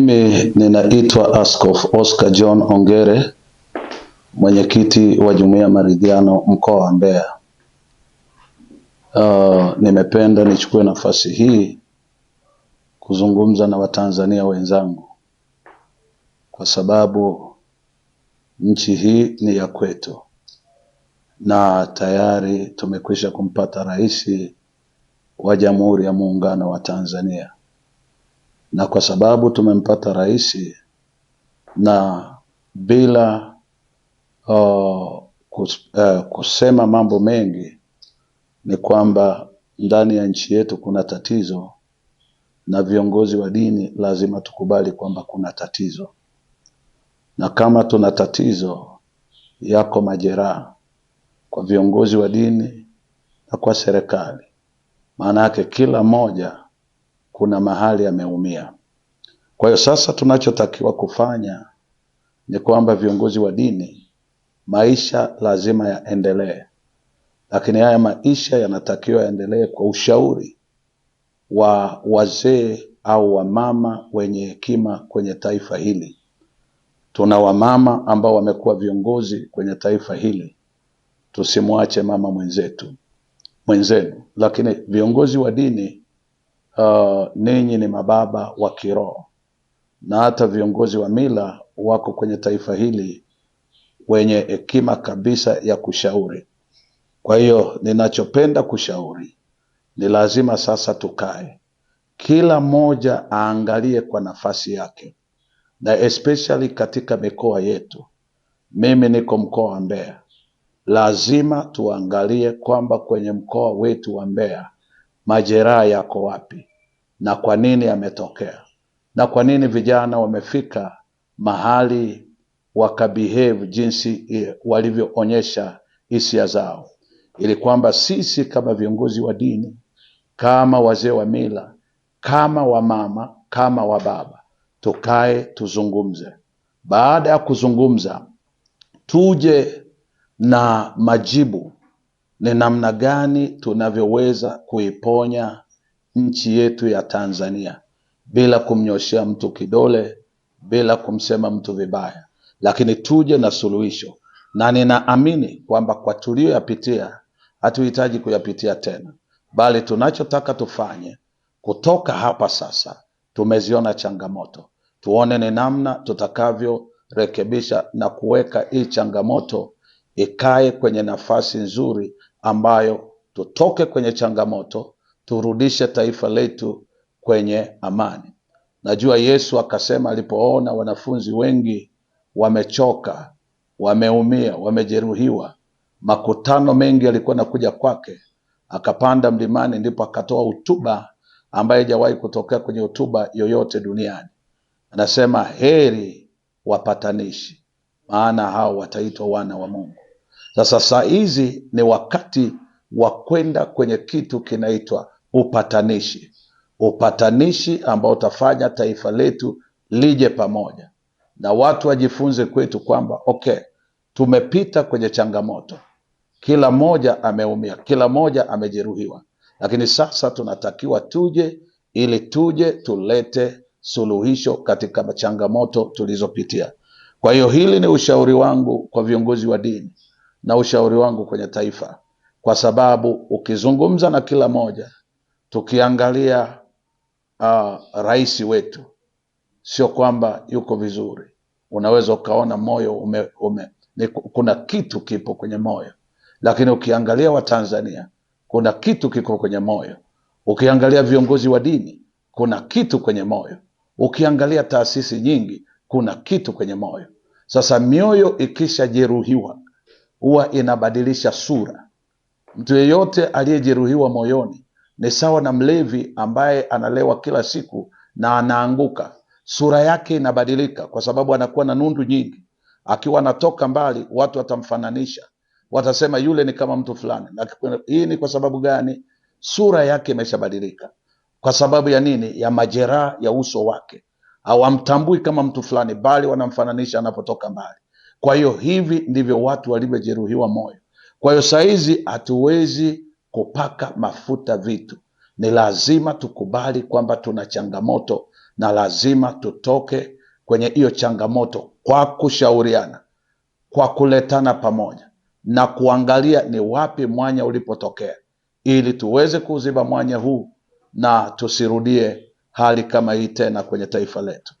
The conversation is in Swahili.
Mimi ninaitwa Askofu Oscar John Ongere, mwenyekiti wa Jumuiya ya Maridhiano mkoa wa Mbeya. Uh, nimependa nichukue nafasi hii kuzungumza na Watanzania wenzangu kwa sababu nchi hii ni ya kwetu na tayari tumekwisha kumpata rais wa Jamhuri ya Muungano wa Tanzania na kwa sababu tumempata rais na bila uh, kus, uh, kusema mambo mengi ni kwamba ndani ya nchi yetu kuna tatizo, na viongozi wa dini lazima tukubali kwamba kuna tatizo, na kama tuna tatizo, yako majeraha kwa viongozi wa dini na kwa serikali. Maana yake kila mmoja kuna mahali ameumia. Kwa hiyo sasa tunachotakiwa kufanya ni kwamba viongozi wa dini, maisha lazima yaendelee, lakini haya maisha yanatakiwa yaendelee kwa ushauri wa wazee au wamama wenye hekima kwenye taifa hili. Tuna wamama ambao wamekuwa viongozi kwenye taifa hili, tusimwache mama mwenzetu mwenzenu, lakini viongozi wa dini uh, ninyi ni mababa wa kiroho na hata viongozi wa mila wako kwenye taifa hili wenye hekima kabisa ya kushauri. Kwa hiyo ninachopenda kushauri ni lazima sasa tukae, kila mmoja aangalie kwa nafasi yake, na especially katika mikoa yetu. Mimi niko mkoa wa Mbeya, lazima tuangalie kwamba kwenye mkoa wetu wa Mbeya majeraha yako wapi na kwa nini yametokea, na kwa nini vijana wamefika mahali wakabehave jinsi e, walivyoonyesha hisia zao, ili kwamba sisi kama viongozi wa dini, kama wazee wa mila, kama wa mama kama wa baba tukae tuzungumze. Baada ya kuzungumza, tuje na majibu ni namna gani tunavyoweza kuiponya nchi yetu ya Tanzania bila kumnyoshea mtu kidole, bila kumsema mtu vibaya, lakini tuje na suluhisho, na ninaamini kwamba kwa tuliyoyapitia hatuhitaji kuyapitia tena, bali tunachotaka tufanye kutoka hapa sasa, tumeziona changamoto, tuone ni namna tutakavyorekebisha na kuweka hii changamoto ikae kwenye nafasi nzuri ambayo tutoke kwenye changamoto, turudishe taifa letu kwenye amani. Najua Yesu akasema alipoona wanafunzi wengi wamechoka, wameumia, wamejeruhiwa, makutano mengi yalikuwa nakuja kwake, akapanda mlimani, ndipo akatoa hutuba ambaye haijawahi kutokea kwenye hotuba yoyote duniani. Anasema heri wapatanishi, maana hao wataitwa wana wa Mungu. Sasa saa hizi ni wakati wa kwenda kwenye kitu kinaitwa upatanishi, upatanishi ambao utafanya taifa letu lije pamoja na watu wajifunze kwetu kwamba okay, tumepita kwenye changamoto, kila mmoja ameumia, kila mmoja amejeruhiwa, lakini sasa tunatakiwa tuje ili tuje tulete suluhisho katika changamoto tulizopitia. Kwa hiyo hili ni ushauri wangu kwa viongozi wa dini na ushauri wangu kwenye taifa, kwa sababu ukizungumza na kila moja, tukiangalia uh, rais wetu sio kwamba yuko vizuri, unaweza ukaona moyo ume, ume, ni, kuna kitu kipo kwenye moyo, lakini ukiangalia Watanzania kuna kitu kiko kwenye moyo, ukiangalia viongozi wa dini kuna kitu kwenye moyo, ukiangalia taasisi nyingi kuna kitu kwenye moyo. Sasa mioyo ikishajeruhiwa huwa inabadilisha sura. Mtu yeyote aliyejeruhiwa moyoni ni sawa na mlevi ambaye analewa kila siku na anaanguka, sura yake inabadilika kwa sababu anakuwa na nundu nyingi. Akiwa anatoka mbali, watu watamfananisha, watasema yule ni kama mtu fulani. hii ni kwa sababu gani? Sura yake imeshabadilika. Kwa sababu ya nini? Ya majeraha ya uso wake. Hawamtambui kama mtu fulani, bali wanamfananisha anapotoka mbali. Kwa hiyo hivi ndivyo watu walivyojeruhiwa moyo. Kwa hiyo saizi hatuwezi kupaka mafuta vitu, ni lazima tukubali kwamba tuna changamoto na lazima tutoke kwenye hiyo changamoto kwa kushauriana, kwa kuletana pamoja na kuangalia ni wapi mwanya ulipotokea, ili tuweze kuziba mwanya huu na tusirudie hali kama hii tena kwenye taifa letu.